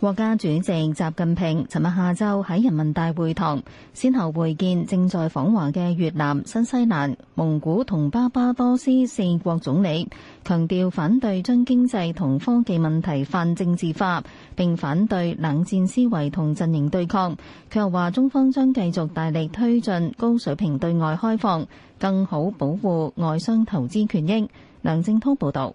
國家主席習近平尋日下晝喺人民大會堂先後會見正在訪華嘅越南、新西蘭、蒙古同巴巴多斯四國總理，強調反對將經濟同科技問題泛政治化，並反對冷戰思維同陣營對抗。佢又話，中方將繼續大力推進高水平對外開放，更好保護外商投資權益。梁正濤報道。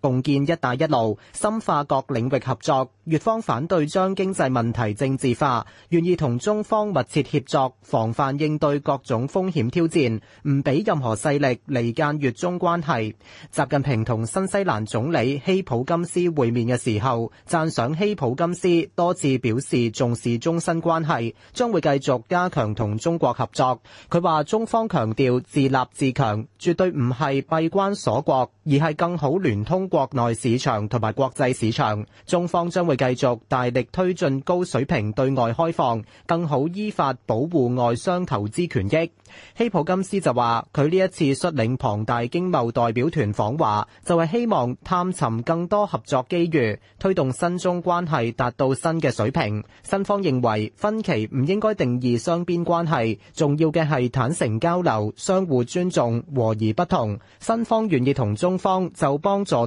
共建“一帶一路”，深化各領域合作。越方反對將經濟問題政治化，願意同中方密切協作，防範應對各種風險挑戰，唔俾任何勢力離間越中關係。習近平同新西蘭總理希普金斯會面嘅時候，讚賞希普金斯多次表示重視中新關係，將會繼續加強同中國合作。佢話：中方強調自立自強，絕對唔係閉關鎖國，而係更好聯通。國內市場同埋國際市場，中方將會繼續大力推進高水平對外開放，更好依法保護外商投資權益。希普金斯就話：佢呢一次率領龐大經貿代表團訪華，就係、是、希望探尋更多合作機遇，推動新中關係達到新嘅水平。新方認為分歧唔應該定義雙邊關係，重要嘅係坦誠交流、相互尊重、和而不同。新方願意同中方就幫助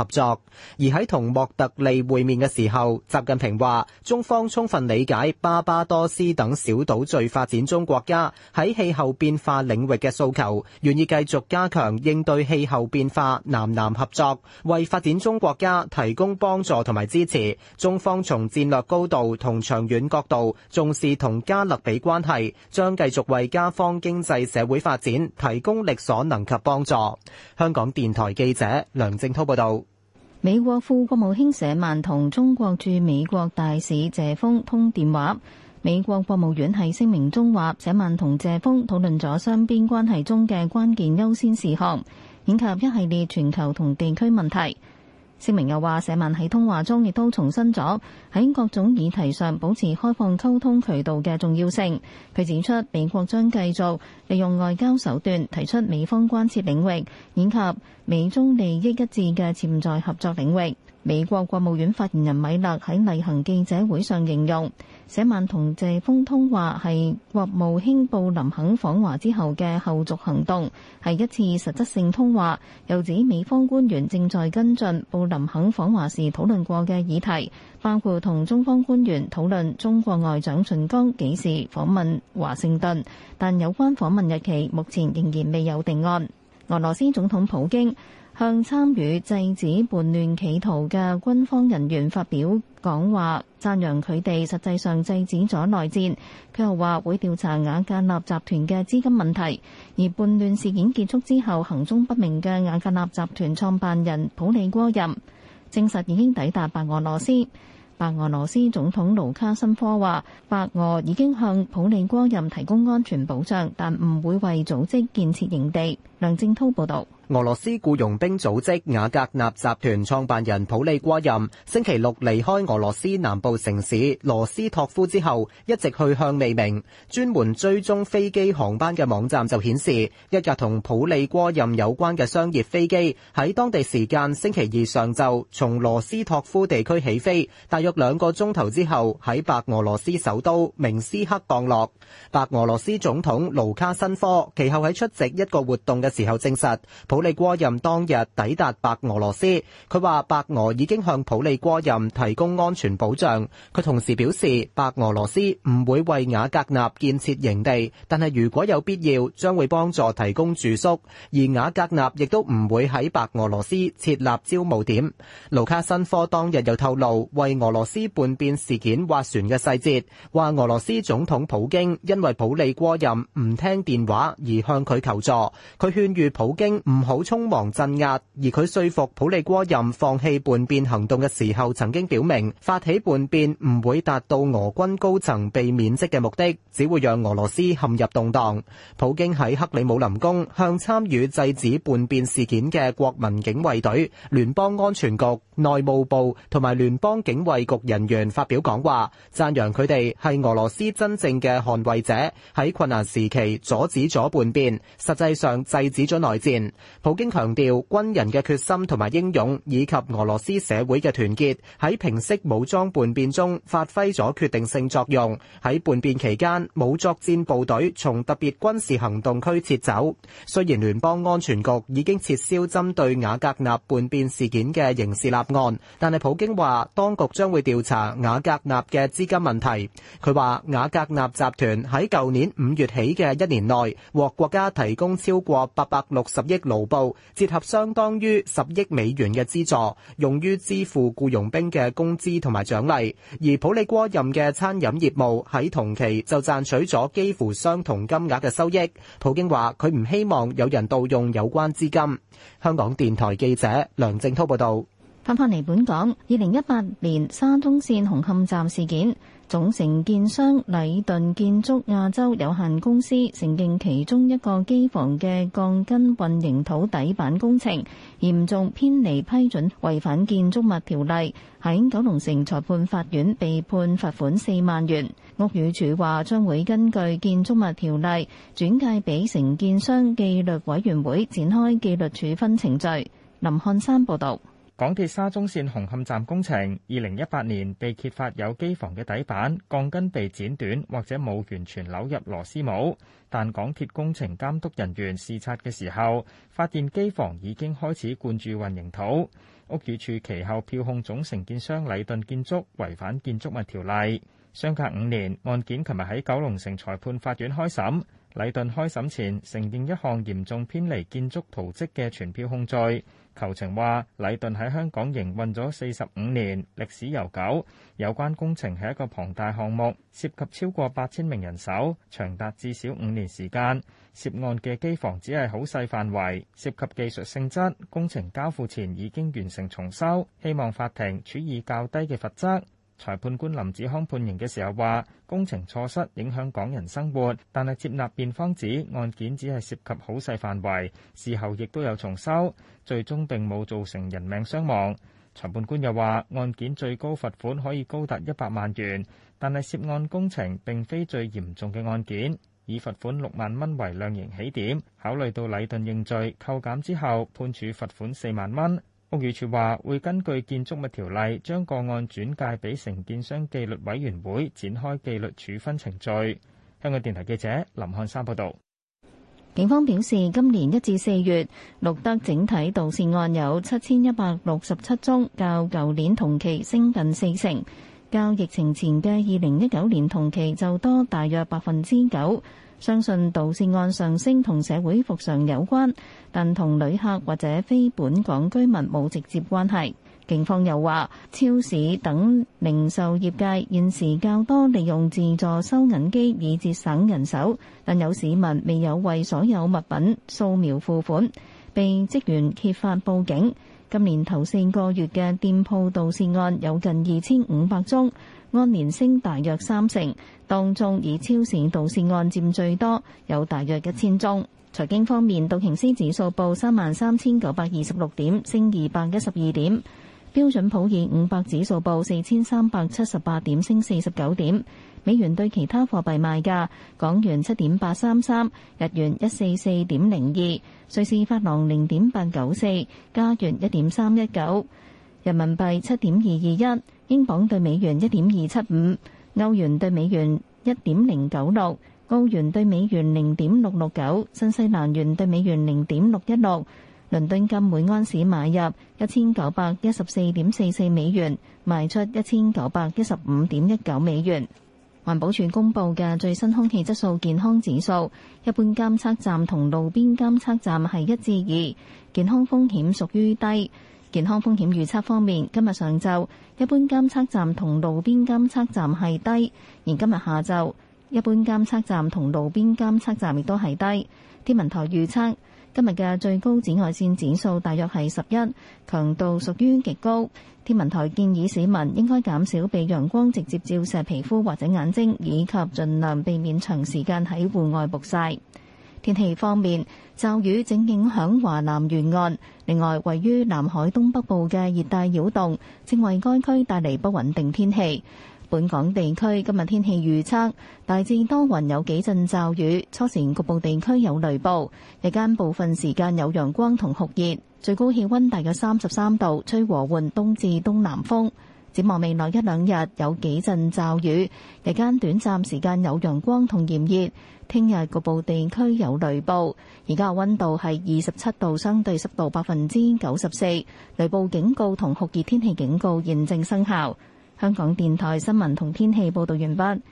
合作，而喺同莫特利會面嘅時候，習近平話：中方充分理解巴巴多斯等小島最發展中國家喺氣候變化領域嘅訴求，願意繼續加強應對氣候變化南南合作，為發展中國家提供幫助同埋支持。中方從戰略高度同長遠角度重視同加勒比關係，將繼續為加方經濟社會發展提供力所能及幫助。香港電台記者梁正滔報道。美國副國務卿舍曼同中國駐美國大使謝鋒通電話。美國國務院喺聲明中話，舍曼同謝鋒討論咗雙邊關係中嘅關鍵優先事項，以及一系列全球同地區問題。聲明又話，社民喺通話中亦都重申咗喺各種議題上保持開放溝通渠道嘅重要性。佢指出，美國將繼續利用外交手段提出美方關切領域，以及美中利益一致嘅潛在合作領域。美國國務院發言人米勒喺例行記者會上形容，噚晚同謝鋒通話係國務卿布林肯訪華之後嘅後續行動，係一次實質性通話。又指美方官員正在跟進布林肯訪華時討論過嘅議題，包括同中方官員討論中國外長秦剛幾時訪問華盛頓，但有關訪問日期目前仍然未有定案。俄羅斯總統普京向參與制止叛亂企圖嘅軍方人員發表講話，讚揚佢哋實際上制止咗內戰。佢又話會調查瓦格納集團嘅資金問題。而叛亂事件結束之後行蹤不明嘅瓦格納集團創辦人普利戈任，證實已經抵達白俄羅斯。白俄羅斯總統盧卡申科話：白俄已經向普利戈任提供安全保障，但唔會為組織建設營地。梁正滔報導。俄羅斯僱傭兵組織瓦格納集團創辦人普利戈任星期六離開俄羅斯南部城市羅斯托夫之後，一直去向未明。專門追蹤飛機航班嘅網站就顯示，一架同普利戈任有關嘅商業飛機喺當地時間星期二上晝從羅斯托夫地區起飛，大約兩個鐘頭之後喺白俄羅斯首都明斯克降落。白俄羅斯總統盧卡申科其後喺出席一個活動嘅時候證實，普。普利戈任當日抵達白俄羅斯，佢話白俄已經向普利戈任提供安全保障。佢同時表示，白俄羅斯唔會為瓦格納建設營地，但係如果有必要，將會幫助提供住宿。而瓦格納亦都唔會喺白俄羅斯設立招募點。盧卡申科當日又透露為俄羅斯叛變事件斡旋嘅細節，話俄羅斯總統普京因為普利戈任唔聽電話而向佢求助，佢勸喻普京唔好匆忙鎮壓，而佢說服普里戈任放棄叛變行動嘅時候，曾經表明發起叛變唔會達到俄軍高層被免職嘅目的，只會讓俄羅斯陷入動盪。普京喺克里姆林宮向參與制止叛變事件嘅國民警衛隊、聯邦安全局、內務部同埋聯邦警衛局人員發表講話，讚揚佢哋係俄羅斯真正嘅捍衛者，喺困難時期阻止咗叛變，實際上制止咗內戰。普京強調軍人嘅決心同埋英勇，以及俄羅斯社會嘅團結，喺平息武裝叛變中發揮咗決定性作用。喺叛變期間，冇作戰部隊從特別軍事行動區撤走。雖然聯邦安全局已經撤銷針對瓦格納叛變事件嘅刑事立案，但係普京話當局將會調查瓦格納嘅資金問題。佢話瓦格納集團喺舊年五月起嘅一年內，獲國家提供超過八百六十億盧公布，折合相當於十億美元嘅資助，用於支付僱傭兵嘅工資同埋獎勵。而普里戈任嘅餐飲業務喺同期就賺取咗幾乎相同金額嘅收益。普京話佢唔希望有人盜用有關資金。香港電台記者梁正濤報道。翻返嚟，本港，二零一八年沙中線紅磡站事件。總承建商禮頓建築亞洲有限公司承認其中一個機房嘅鋼筋混凝土底板工程嚴重偏離批准，違反建築物條例，喺九龍城裁判法院被判罰款四萬元。屋宇署話將會根據建築物條例轉介俾承建商紀律委員會展開紀律處分程序。林漢山報道。港鐵沙中線紅磡站工程，二零一八年被揭發有機房嘅底板鋼筋被剪短，或者冇完全扭入螺絲帽。但港鐵工程監督人員視察嘅時候，發現機房已經開始灌注混凝土。屋宇處其後票控總承建商禮頓建築違反建築物條例。相隔五年，案件琴日喺九龍城裁判法院開審。禮頓開審前承認一項嚴重偏離建築圖則嘅傳票控罪，求情話禮頓喺香港營運咗四十五年，歷史悠久，有關工程係一個龐大項目，涉及超過八千名人手，長達至少五年時間。涉案嘅機房只係好細範圍，涉及技術性質，工程交付前已經完成重修，希望法庭處以較低嘅罰則。裁判官林子康判刑嘅時候話：工程錯失影響港人生活，但係接納辯方指案件只係涉及好細範圍。事後亦都有重修，最終並冇造成人命傷亡。裁判官又話：案件最高罰款可以高達一百萬元，但係涉案工程並非最嚴重嘅案件，以罰款六萬蚊為量刑起點。考慮到禮頓認罪，扣減之後判處罰款四萬蚊。屋宇署話會根據建築物條例，將個案轉介俾承建商紀律委員會，展開紀律處分程序。香港電台記者林漢山報導。警方表示，今年一至四月，錄得整體盜竊案有七千一百六十七宗，較舊年同期升近四成。較疫情前嘅二零一九年同期就多大約百分之九，相信盜竊案上升同社會復常有關，但同旅客或者非本港居民冇直接關係。警方又話，超市等零售業界現時較多利用自助收銀機以節省人手，但有市民未有為所有物品掃描付款，被職員揭發報警。今年頭四個月嘅店鋪盜竊案有近二千五百宗，按年升大約三成。當中以超市盜竊案佔最多，有大約一千宗。財經方面，道瓊斯指數報三萬三千九百二十六點，升二百一十二點。標準普爾五百指數報四千三百七十八點，升四十九點。美元對其他貨幣賣價：港元七點八三三，日元一四四點零二，瑞士法郎零點八九四，加元一點三一九，人民幣七點二二一，英鎊對美元一點二七五，歐元對美元一點零九六，澳元對美元零點六六九，新西蘭元對美元零點六一六。倫敦金每安士買入一千九百一十四點四四美元，賣出一千九百一十五點一九美元。環保署公布嘅最新空氣質素健康指數，一般監測站同路邊監測站係一至二，健康風險屬於低。健康風險預測方面，今日上晝一般監測站同路邊監測站係低，而今日下晝一般監測站同路邊監測站亦都係低。天文台預測。今日嘅最高紫外線指數大約係十一，強度屬於極高。天文台建議市民應該減少被陽光直接照射皮膚或者眼睛，以及盡量避免長時間喺戶外曝曬。天氣方面，驟雨正影響華南沿岸，另外位於南海東北部嘅熱帶擾動正為該區帶嚟不穩定天氣。本港地區今日天氣預測，大致多雲，有幾陣驟雨，初時局部地區有雷暴，日間部分時間有陽光同酷熱，最高氣溫大約三十三度，吹和緩東至東南風。展望未來一兩日有幾陣驟雨，日間短暫時間有陽光同炎熱，聽日局部地區有雷暴。而家嘅温度係二十七度，相對濕度百分之九十四，雷暴警告同酷熱天氣警告現正生效。香港電台新聞同天氣報導完畢。